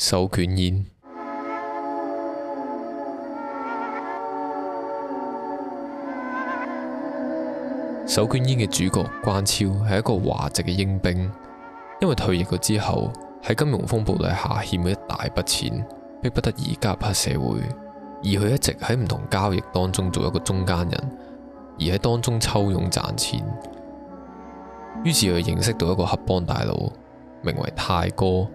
手捲煙。手捲煙嘅主角關超係一個華籍嘅英兵，因為退役咗之後喺金融風暴底下欠咗一大筆錢，迫不得已加入黑社會，而佢一直喺唔同交易當中做一個中間人，而喺當中抽佣賺錢，於是佢認識到一個黑幫大佬，名為泰哥。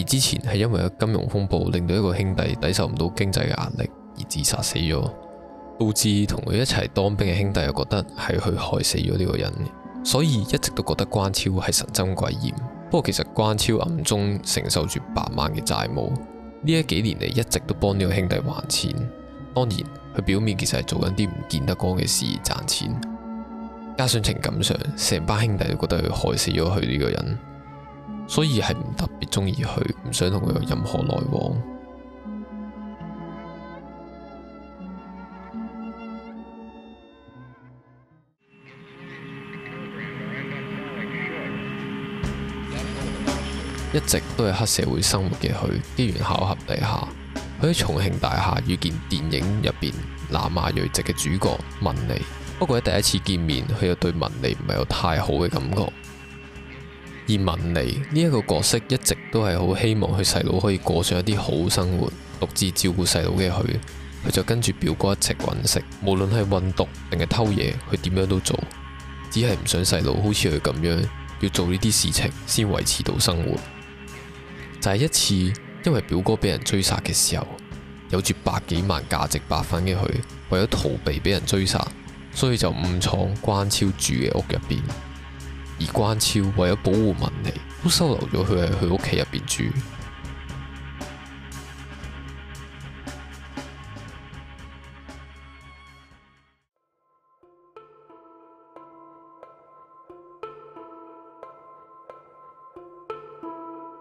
而之前係因為金融風暴令到一個兄弟抵受唔到經濟嘅壓力而自殺死咗，導致同佢一齊當兵嘅兄弟又覺得係佢害死咗呢個人，所以一直都覺得關超係神憎鬼厭。不過其實關超暗中承受住百萬嘅債務，呢一幾年嚟一直都幫呢個兄弟還錢。當然佢表面其實係做緊啲唔見得光嘅事賺錢，加上情感上成班兄弟都覺得佢害死咗佢呢個人。所以係唔特別鍾意佢，唔想同佢有任何來往。 一直都係黑社會生活嘅佢，機緣巧合底下，佢喺重慶大廈遇見電影入邊南亞裔籍嘅主角文尼。不過喺第一次見面，佢又對文尼唔係有太好嘅感覺。而文尼呢一個角色，一直都係好希望佢細佬可以過上一啲好生活。獨自照顧細佬嘅佢，佢就跟住表哥一齊搵食，無論係運毒定係偷嘢，佢點樣都做，只係唔想細佬好似佢咁樣要做呢啲事情先維持到生活。就係、是、一次，因為表哥俾人追殺嘅時候，有住百幾萬價值百分嘅佢，為咗逃避俾人追殺，所以就誤闖關超住嘅屋入邊。而關超為咗保護文莉，都收留咗佢喺佢屋企入邊住。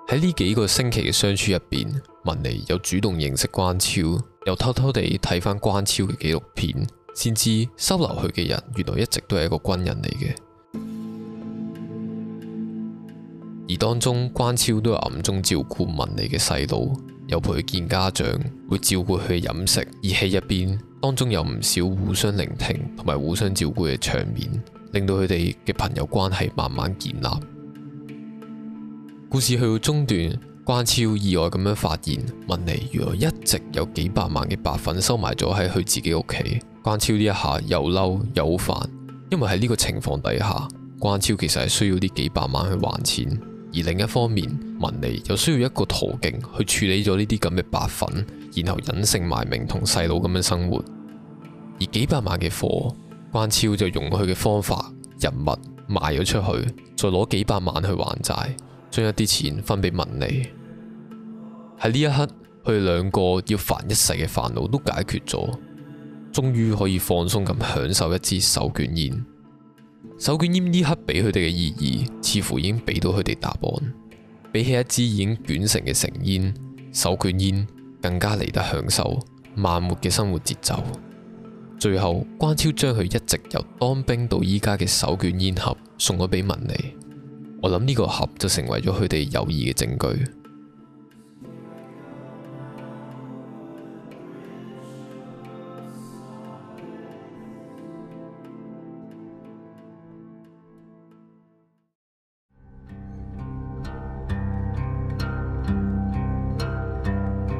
喺呢幾個星期嘅相處入邊，文莉又主動認識關超，又偷偷地睇翻關超嘅紀錄片，先知收留佢嘅人，原來一直都係一個軍人嚟嘅。而當中，關超都暗中照顧文妮嘅細路，又陪佢見家長，會照顧佢嘅飲食，而喺一邊當中有唔少互相聆聽同埋互相照顧嘅場面，令到佢哋嘅朋友關係慢慢建立。故事去到中段，關超意外咁樣發現文妮原來一直有幾百萬嘅白粉收埋咗喺佢自己屋企。關超呢一下又嬲又好煩，因為喺呢個情況底下，關超其實係需要呢幾百萬去還錢。而另一方面，文尼又需要一個途徑去處理咗呢啲咁嘅白粉，然後隱姓埋名同細佬咁樣生活。而幾百萬嘅貨，關超就用佢嘅方法、人物賣咗出去，再攞幾百萬去還債，將一啲錢分俾文尼。喺呢一刻，佢哋兩個要煩一世嘅煩惱都解決咗，終於可以放鬆咁享受一支手捲煙。手捲煙呢刻俾佢哋嘅意義，似乎已經俾到佢哋答案。比起一支已經捲成嘅成煙，手捲煙更加嚟得享受慢活嘅生活節奏。最後，關超將佢一直由當兵到依家嘅手捲煙盒送咗俾文尼，我諗呢個盒就成為咗佢哋友誼嘅證據。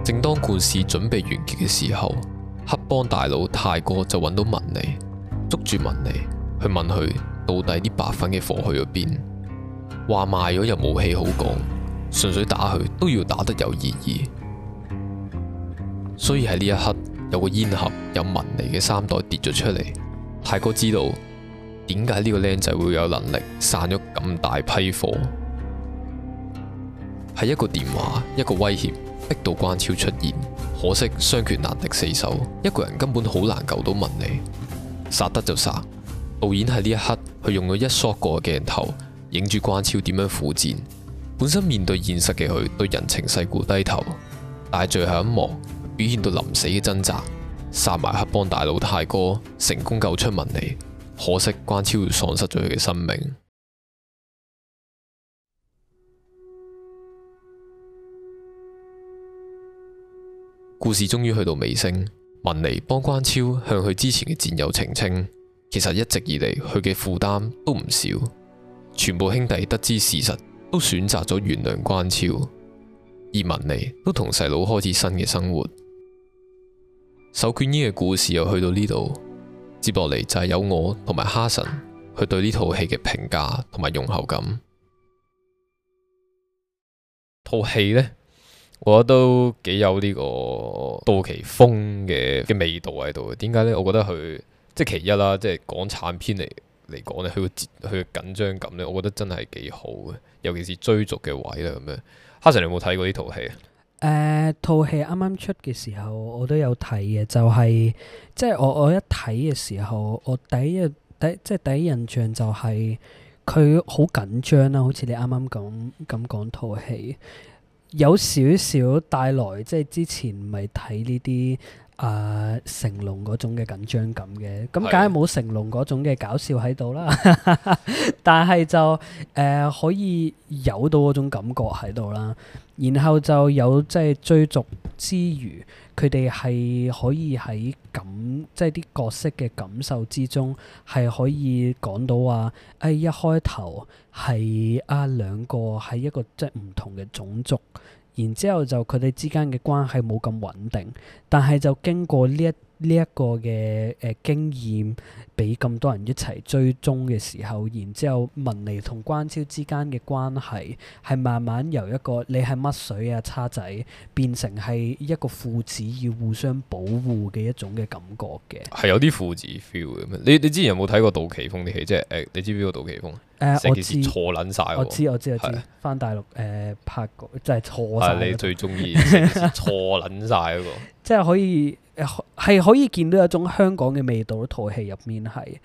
正當故事準備完結嘅時候，黑幫大佬泰哥就揾到文尼，捉住文尼去問佢到底啲白粉嘅貨去咗邊？話賣咗又冇戲好講，純粹打佢都要打得有意義。所以喺呢一刻，有個煙盒有文尼嘅衫袋跌咗出嚟，泰哥知道點解呢個靚仔會有能力散咗咁大批貨，係一個電話，一個威脅。逼到關超出現，可惜雙拳難敵四手，一個人根本好難救到文麗。殺得就殺，導演喺呢一刻，佢用咗一縮過鏡頭，影住關超點樣苦戰。本身面對現實嘅佢，對人情世故低頭，但係最後一幕，表現到臨死嘅掙扎，殺埋黑幫大佬泰哥，成功救出文麗。可惜關超喪失咗佢嘅生命。故事終於去到尾聲，文尼幫關超向佢之前嘅戰友澄清，其實一直以嚟佢嘅負擔都唔少。全部兄弟得知事實，都選擇咗原諒關超，而文尼都同細佬開始新嘅生活。手捲煙嘅故事又去到呢度，接落嚟就係有我同埋哈臣去對呢套戲嘅評價同埋用後感。套戲呢。我覺得都幾有呢個杜萁峯嘅嘅味道喺度。點解呢？我覺得佢即係其一啦，即係港產片嚟嚟講咧，佢個節佢緊張感呢，我覺得真係幾好嘅。尤其是追逐嘅位啦，咁樣。哈臣你有冇睇過呢套戲啊？誒、呃，套戲啱啱出嘅時候，我都有睇嘅，就係即係我我一睇嘅時候，我第一第即係、就是、第一印象就係佢好緊張啦，好似你啱啱咁咁講套戲。有少少帶來，即係之前咪睇呢啲。啊、呃，成龍嗰種嘅緊張感嘅，咁梗係冇成龍嗰種嘅搞笑喺度啦。的 但係就誒、呃、可以有到嗰種感覺喺度啦。然後就有即係、就是、追逐之餘，佢哋係可以喺感即係啲角色嘅感受之中，係可以講到話誒、哎、一開頭係啊兩個係一個即係唔同嘅種族。然之後就佢哋之間嘅關係冇咁穩定，但係就經過呢一呢一個嘅誒、呃、經驗，俾咁多人一齊追蹤嘅時候，然之後文尼同關超之間嘅關係係慢慢由一個你係乜水啊叉仔，變成係一個父子要互相保護嘅一種嘅感覺嘅，係有啲父子 feel 嘅咩？你你之前有冇睇過杜琪峰啲戲？即係誒，你知唔知個杜琪峰啊？誒、呃，我知錯捻晒，我知我知我知，返，是大陸誒、呃、拍過即係錯晒。你最中意成支錯捻晒嗰個？即係可以係可以見到有一種香港嘅味道，套戲入面係。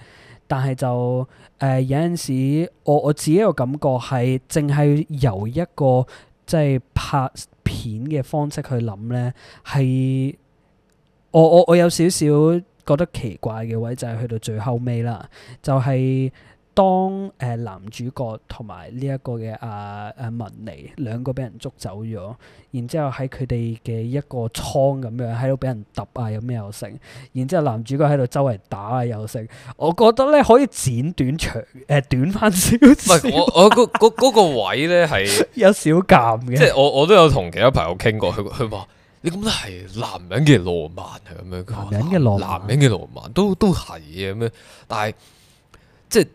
但係就誒、呃、有陣時我，我我自己個感覺係淨係由一個即係、就是、拍片嘅方式去諗咧，係我我我有少少覺得奇怪嘅位就係、是、去到最後尾啦，就係、是。當誒男主角同埋呢一個嘅阿阿文尼兩個俾人捉走咗，然之後喺佢哋嘅一個倉咁樣喺度俾人揼啊，有咩有成？然之後男主角喺度周圍打啊有成。我覺得咧可以剪短長誒短翻少唔係 我我嗰嗰、嗰個位咧係 有小夾嘅。即係我我都有同其他朋友傾過，佢佢話你咁都係男人嘅浪漫係咁樣，男人嘅浪漫，男人嘅浪漫都都係嘅咩？但係即係。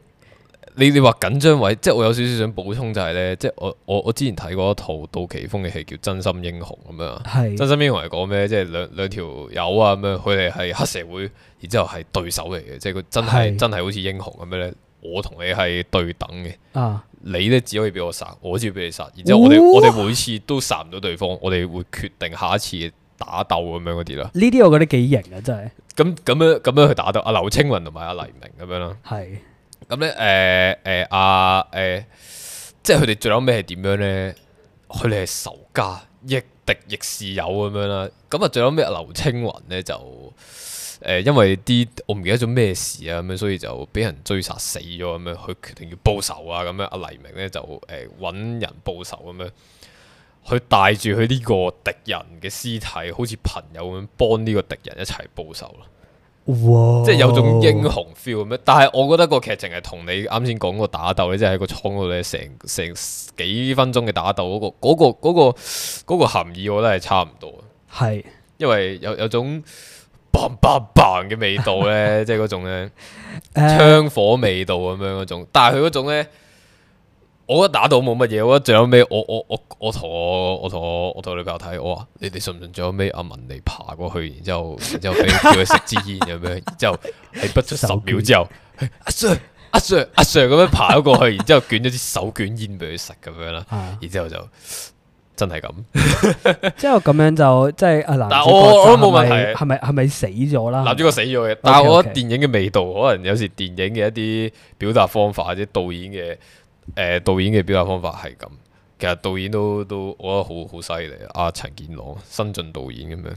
你你話緊張位，即係我有少少想補充就係、是、咧，即係我我我之前睇過一套杜琪峰嘅戲叫《真心英雄》咁樣是，真心英雄係講咩？即係兩兩條友啊咁樣，佢哋係黑社會，然之後係對手嚟嘅，即係佢真係是真係好似英雄咁樣咧。我同你係對等嘅，啊、你咧只可以俾我殺，我只可以俾你殺。然之後我哋、哦、我哋每次都殺唔到對方，我哋會決定下一次打鬥咁樣嗰啲啦。呢啲我覺得幾型啊，真係。咁咁樣咁樣，咁樣去打鬥啊，劉青雲同埋啊黎明咁樣咯。係是。咁咧，誒誒阿誒，即係佢哋最後尾係點樣咧？佢哋係仇家，亦敵亦是友咁樣啦。咁啊，最後尾，劉青雲咧就誒、呃，因為啲我唔記得咗咩事啊，咁樣所以就俾人追殺死咗咁樣，佢決定要報仇啊。咁樣阿黎明咧就誒揾、呃、人報仇咁樣，佢帶住佢呢個敵人嘅屍體，好似朋友咁樣幫呢個敵人一齊報仇啦。Wow. 即係有種英雄 feel 嘅咩？但係我覺得個劇情係同你啱先講個打鬥咧，即係喺個倉度咧，成成幾分鐘嘅打鬥嗰、那個、那個、那個、那個那個含義，我覺得係差唔多係，是因為有有種棒棒 n 嘅味道咧， 即係嗰種咧槍火味道咁樣嗰種，但係佢嗰種咧。我覺得打到冇乜嘢，我覺得最後尾我我我我同我我同我我同女比較睇，我話你哋信唔信？最後尾阿文嚟爬過去，然之後，然之後俾叫佢食支煙咁樣，然之後喺不出十秒之後，阿 Sir 阿 Sir 阿 Sir 咁樣爬咗過去，然之後捲咗支手捲煙俾佢食咁樣啦，然之後就真係咁。之後咁樣就即係阿男。但我都冇問題，係咪係咪死咗啦？男主角死咗嘅，但係我覺得電影嘅味道，可能有時電影嘅一啲表達方法或者導演嘅。誒，導演嘅表達方法係咁，其實導演都都，我覺得好好犀利。阿陳健朗新晉導演咁樣，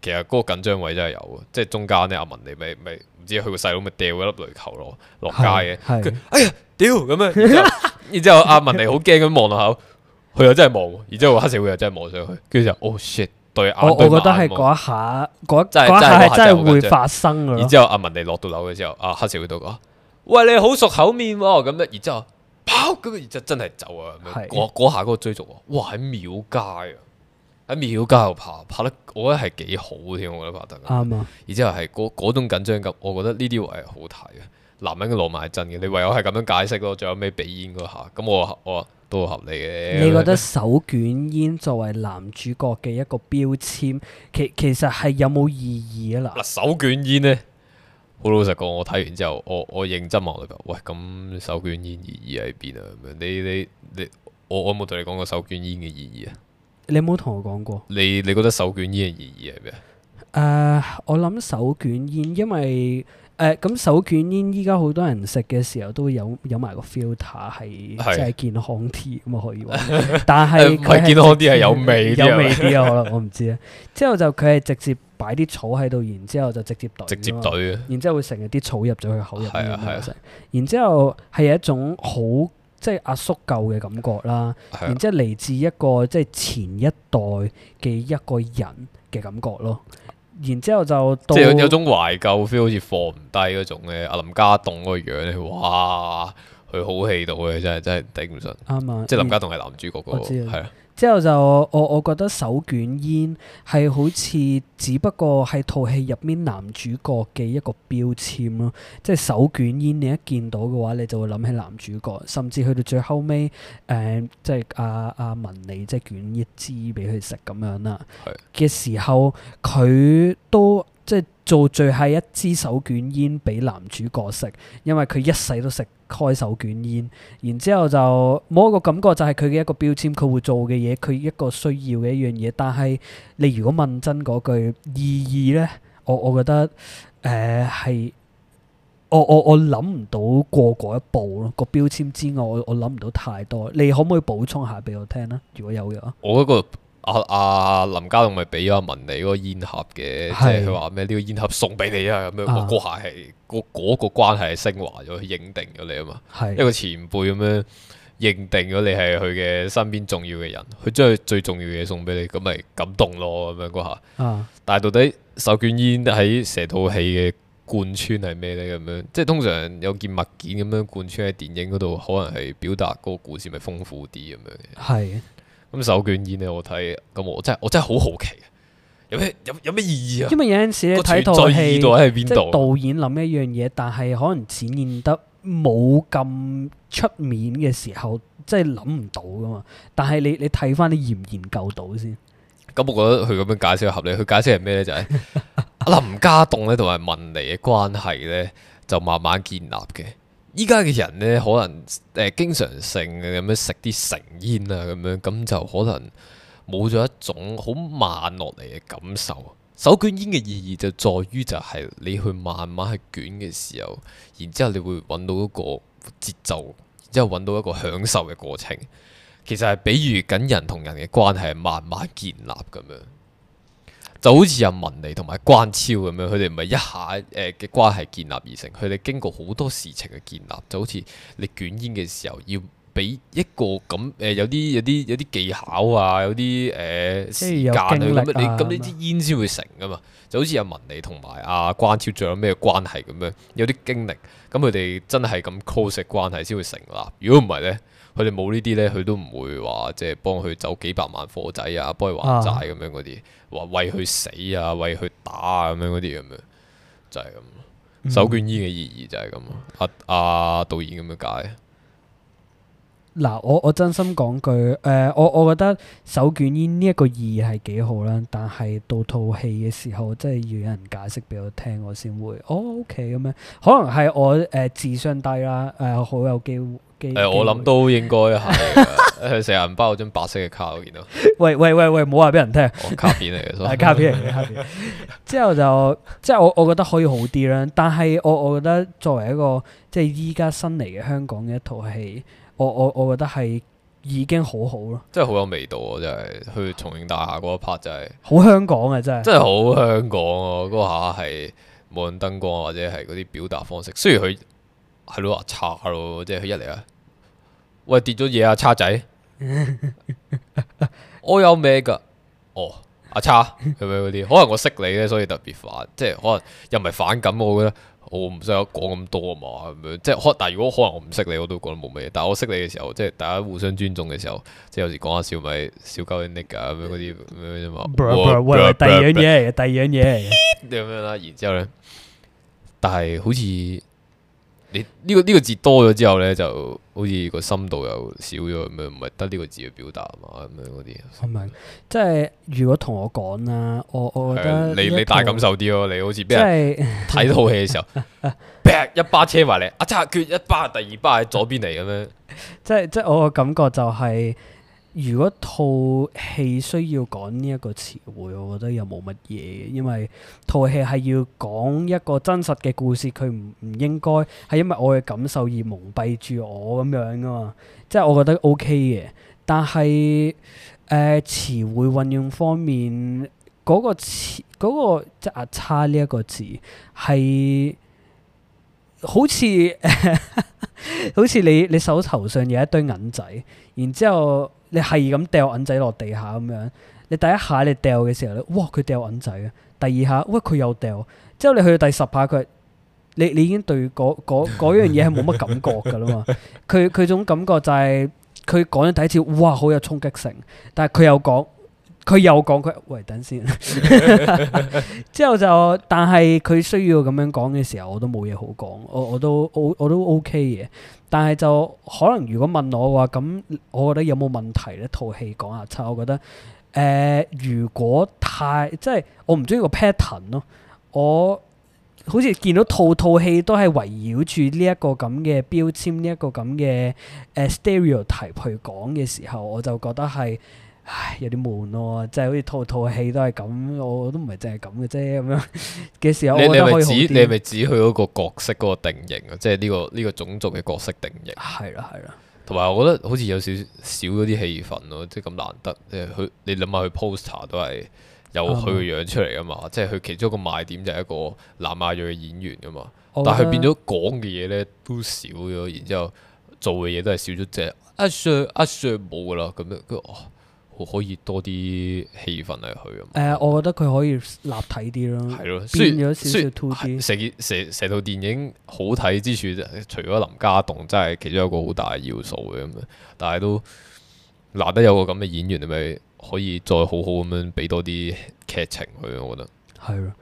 其實嗰個緊張位真係有嘅，即係中間呢，阿文妮咪咪唔知佢個細佬咪掉一粒雷球落落街嘅。係，哎呀，屌咁樣，然之後阿文妮好驚咁望下口，佢又真係望，然之後黑社會又真係望上去，跟住就，哦，shit，對眼，我我覺得係嗰一下，嗰嗰下係真係會發生嘅。然之後阿文妮落到樓嘅時候，阿黑社會都講，喂，你好熟口面喎，咁樣，然之後。跑嗰、那個，然之後真係走啊！嗰下嗰個追逐，哇喺廟街啊，喺廟街度拍，拍得我覺得係幾好添，我覺得拍得啱啊！然的之後係嗰嗰種緊張感，我覺得呢啲位係好睇嘅。男人嘅浪漫係真嘅，你唯有係咁樣解釋咯。仲有咩俾煙嗰下，咁我我，我都合理嘅。你覺得手捲煙作為男主角嘅一個標籤，其其實係有冇意義啊？嗱，手捲煙咧。好老實講，我睇完之後，我我認真望佢，喂，咁手捲煙意義喺邊啊？咁樣，你你你，我我冇同你講過手捲煙嘅意義啊？你冇同我講過？你你覺得手捲煙嘅意義係咩啊？誒、uh，我諗手捲煙因為。誒咁手捲煙，依家好多人食嘅時候都有有埋個 filter，係即係健康啲咁啊，可以用。但係佢健康啲係有味 有味啲啊！可能我唔知咧。之後就佢係直接擺啲草喺度，然之後就直接咀。直接咀。然之後會成日啲草入咗佢口入面 食。 然之後係一種好即係阿叔舊嘅感覺啦。 然之後嚟自一個即係、就是、前一代嘅一個人嘅感覺咯。然之後就即係有種懷舊 feel，好似放唔低嗰種咧。阿林家棟嗰個樣咧，哇，佢好戲到嘅，真係真係頂唔順。嗯，即係林家棟係男主角個，係啊。之後就我我覺得手捲煙係好似只不過係套戲入面男主角嘅一個標籤咯，即係手捲煙你一見到嘅話，你就會諗起男主角，甚至去到最後尾誒，即係阿阿文莉即係捲一支俾佢食咁樣啦，嘅是的 時候佢都即係做最後一支手捲煙俾男主角食，因為佢一世都食。開手捲煙，然之後就冇一個感覺，就係佢嘅一個標籤，佢會做嘅嘢，佢一個需要嘅一樣嘢。但係你如果問真嗰句意義呢，我我覺得誒係、呃，我我我諗唔到過嗰一步咯。個標籤之外，我我諗唔到太多。你可唔可以補充下俾我聽呢？如果有嘅話，我個。阿阿、啊、林家棟咪俾阿文你嗰是、這個煙盒嘅，即係佢話咩呢個煙盒送俾你啊咁樣。啊下那個關係，個嗰個關係升華咗，認定咗你啊嘛。是一個前輩咁樣認定咗你係佢嘅身邊重要嘅人，佢將佢最重要嘅嘢送俾你，咁咪感動咯咁樣嗰下。但係到底手捲煙喺成套戲嘅貫穿係咩呢？咁樣即係通常有件物件咁樣貫穿喺電影嗰度，可能係表達嗰個故事咪豐富啲咁樣嘅。係。咁手捲煙咧，我睇咁我真係我真係好好奇，有咩有有咩意義啊？因為有陣時你睇套戲，在意喺邊度？導演諗一樣嘢，但係可能展現得冇咁出面嘅時候，即係諗唔到噶嘛。但係你你睇翻啲研研究到先。咁我覺得佢咁樣解釋合理。佢解釋係咩咧？就係阿林家棟咧同埋文尼嘅關係咧，就慢慢建立嘅。依家嘅人呢，可能誒、呃、經常性咁樣食啲成煙啊，咁樣咁就可能冇咗一種好慢落嚟嘅感受。手捲煙嘅意義就在於就係你去慢慢去捲嘅時候，然之後你會揾到一個節奏，之後揾到一個享受嘅過程。其實係比喻緊人同人嘅關係慢慢建立咁樣。就好似阿文嚟同埋關超咁樣，佢哋唔係一下誒嘅關係建立而成，佢哋經過好多事情嘅建立，就好似你捲煙嘅時候要。俾一個咁誒、呃，有啲有啲有啲技巧啊，有啲誒、呃、時間啊，乜、啊、你咁呢支煙先會成噶嘛？是是就好似阿文理同埋阿關超仲有咩關係咁樣？有啲經歷，咁佢哋真係咁 close 嘅關係先會成立。如果唔係呢，佢哋冇呢啲呢，佢都唔會話即係幫佢走幾百萬貨仔啊，幫佢還債咁樣嗰啲，或、啊、為佢死啊，為佢打啊咁樣嗰啲咁樣，就係咁。手捲煙嘅意義就係咁、嗯、啊！阿阿導演咁樣解。嗱，我我真心講句，誒、呃，我我覺得手捲煙呢一個意義係幾好啦，但係到套戲嘅時候，真係要有人解釋俾我聽，我先會，哦，OK 咁樣，可能係我誒智商低啦，誒、呃，好有機會機。機會欸、我諗都應該係，佢成日唔包嗰張白色嘅卡， 我見到喂。喂喂喂喂，唔好話俾人聽、 啊。卡片嚟嘅，卡片嚟嘅。卡 片之後就，即係我我,我覺得可以好啲啦，但係我我覺得作為一個即係依家新嚟嘅香港嘅一套戲。我我我覺得係已經好好咯，真係好有味道啊！真係去重慶大廈嗰一 part 就係、是、好香，香港啊，真係真係好香港啊！嗰下係冇論燈光或者係嗰啲表達方式，雖然佢係咯阿叉咯，即係佢一嚟啊，喂跌咗嘢啊，叉仔，啊啊 啊，我有咩噶，哦，阿、啊、叉係咪嗰啲？可能我識你咧，所以特別煩，即係可能又唔係反感，我覺得。我唔需要講咁多啊嘛，係咪？即係可。但係如果可能我唔識你，我都覺得冇乜嘢。但係我識你嘅時候，即係大家互相尊重嘅時候，即係有時講下小米、小喬、Nick 啊咁樣嗰啲咁樣啫嘛。唔係唔係第二樣嘢，第二樣嘢。咁樣啦，然之後咧，但係好似。你呢個呢個字多咗之後呢，就好似個深度又少咗，咁樣唔係得呢個字去表達嘛，咁樣嗰啲。係咪？即係如果同我講啦，我我覺得，你你大感受啲咯。是你好似俾人睇套戲嘅時候，劈 一巴車埋你，啊擦，撅一巴，第二巴喺左邊嚟嘅咩？即係即係我嘅感覺就係、是。如果套戲需要講呢一個詞彙，我覺得又冇乜嘢，因為套戲係要講一個真實嘅故事，佢唔唔應該係因為我嘅感受而蒙蔽住我咁樣噶嘛？即係我覺得 OK 嘅，但係誒、呃、詞彙運用方面嗰、嗰個詞、嗰個、即係阿差呢一個字係好似 好似你你手頭上有一堆銀仔，然之後。你係咁掉銀仔落地下咁樣，你第一下你掉嘅時候，呢，哇佢掉銀仔呀，第二下，喂，佢又掉，之後你去到第十下佢，你你已經對嗰樣嘢係冇乜感覺㗎啦嘛，佢佢 種感覺就係佢講咗第一次哇好有衝擊性，但係佢又講。佢又講佢，喂，等先。 之後就，但係佢需要咁樣講嘅時候，我都冇嘢好講。我都我都我都 OK 嘅。但係就可能如果問我話，咁我覺得有冇問題呢？套戲講下差，我覺得，誒、呃，如果太即係我唔中意個 pattern 咯。我好似見到套套戲都係圍繞住呢一個咁嘅標籤，呢一個咁嘅誒 stereotype 去講嘅時候，我就覺得係。唉，有啲悶咯，即係、啊、好似套套戲都係咁，我都唔係淨係咁嘅啫，咁樣嘅時候，你你咪指你咪指佢嗰個角色嗰個定型啊，即係呢個呢、呢個種族嘅角色定型。係啦係啦，同埋我覺得好似有少少咗啲氣氛咯，即係咁難得。即係，佢你諗下佢 poster 都係有佢樣出嚟噶嘛，嗯、即係佢其中一個賣點就係一個南亞裔嘅演員噶嘛，但係佢變咗講嘅嘢咧都少咗，然之後做嘅嘢都係少咗隻阿 Sir，阿 Sir，冇噶啦，咁樣跟住可以多啲氣氛嚟去咁。誒、呃，我覺得佢可以立體啲咯。係咯，變咗少少兔子。成成成套電影好睇之處，除咗林家棟真係其中一個好大嘅要素嘅咁，嗯、但係都難得有個咁嘅演員，咪可以再好好咁樣俾多啲劇情佢。我覺得係咯。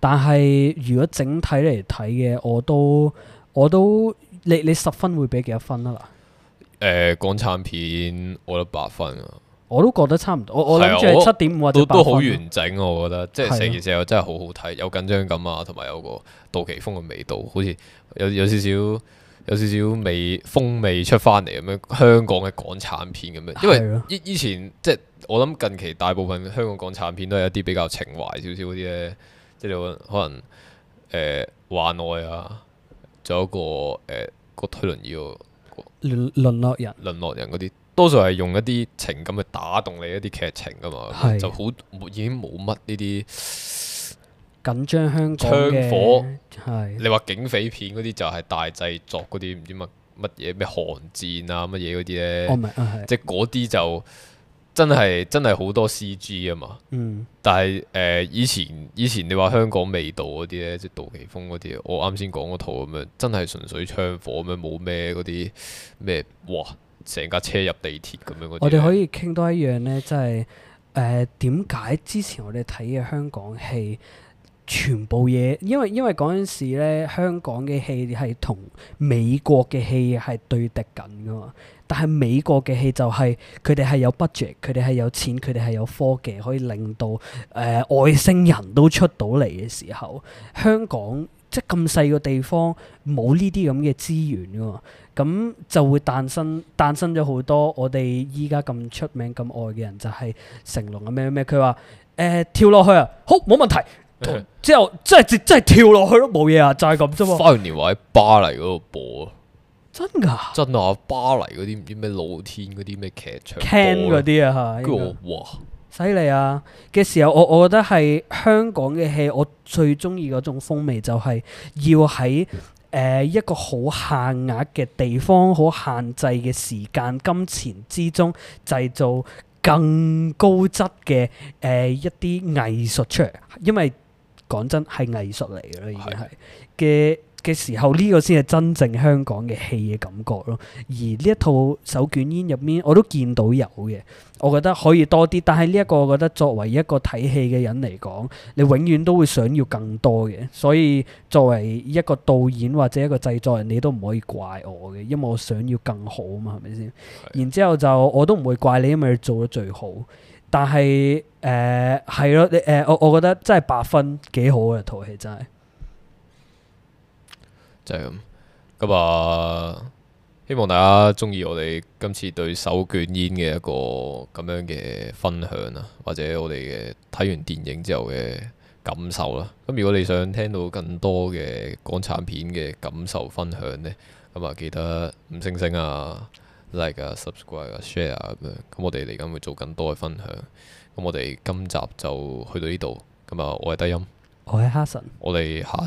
但係如果整體嚟睇嘅，我都我都你你十分會俾幾多分啊？嗱、呃，誒，港產片我得八分啊。我都覺得差唔多，我我諗即係七點五或者八分。都都好完整，我覺得即係成件事又真係好好睇，有緊張感啊，同埋有個杜琪峯嘅味道，好似有有少少有少少味風味出翻嚟咁樣，香港嘅港產片咁樣。因為以以前即係我諗近期大部分香港港產片都係一啲比較情懷少少啲咧，即係你可能誒話外啊，仲有一個誒個、呃、推輪椅個淪落人，淪落人嗰啲。多數係用一啲情感去打動你一啲劇情噶嘛，是就好已經冇乜呢啲緊張，香港槍火。是你話警匪片嗰啲就係大製作嗰啲，唔知乜乜嘢咩寒戰啊乜嘢嗰啲呢？即係嗰啲就，就真係真係好多 C G 啊嘛。嗯、但係誒、呃、以前以前你話香港味道嗰啲呢，即杜琪峰嗰啲，我啱先講嗰套咁樣，真係純粹槍火咁樣，冇咩嗰啲咩哇。成架車入地鐵咁樣嗰啲，我哋可以傾多一樣呢，即係誒點解之前我哋睇嘅香港戲全部嘢，因為因為嗰陣時咧香港嘅戲係同美國嘅戲係對敵緊噶嘛，但係美國嘅戲就係佢哋係有 budget，佢哋係有錢，佢哋係有科技可以令到誒、呃、外星人都出到嚟嘅時候，香港。即係咁細個地方冇呢啲咁嘅資源噶嘛，咁就會誕生誕生咗好多我哋依家咁出名咁愛嘅人，就係成龍啊咩咩。佢話誒跳落去啊，好冇問題。之後即係即係跳落去咯，冇嘢啊，就係咁啫嘛。花樣年華喺巴黎嗰度播啊，真㗎？真啊！巴黎嗰啲唔知咩露天嗰啲咩劇場播嗰啲啊，跟住我話。犀利啊！嘅時候，我我覺得係香港嘅戲，我最中意嗰種風味就係要喺誒、呃、一個好限額嘅地方、好限制嘅時間、金錢之中製造更高質嘅誒、呃、一啲藝術出嚟。因為講真係藝術嚟嘅咯，已經係嘅。嘅時候，呢個先係真正香港嘅戲嘅感覺咯。而呢一套手捲煙入面，我都見到有嘅，我覺得可以多啲。但係呢一個，我覺得作為一個睇戲嘅人嚟講，你永遠都會想要更多嘅。所以作為一個導演或者一個製作人，你都唔可以怪我嘅，因為我想要更好啊嘛，係咪先？是的 然之後就我都唔會怪你，因為你做得最好。但係誒，係、呃、咯，你誒、呃，我我覺得真係八分幾好嘅套戲，真係。咁，啊，希望大家中意我哋今次對手捲煙嘅一個咁樣嘅分享啊，或者我哋嘅睇完電影之後嘅感受啦。咁如果你想聽到更多嘅港產片嘅感受分享呢，咁啊記得五星星啊，like 啊，subscribe 啊，share 啊咁樣。咁我哋嚟緊會做更多嘅分享。咁我哋今集就去到呢度。咁啊，我係低音，我係哈臣，我哋下。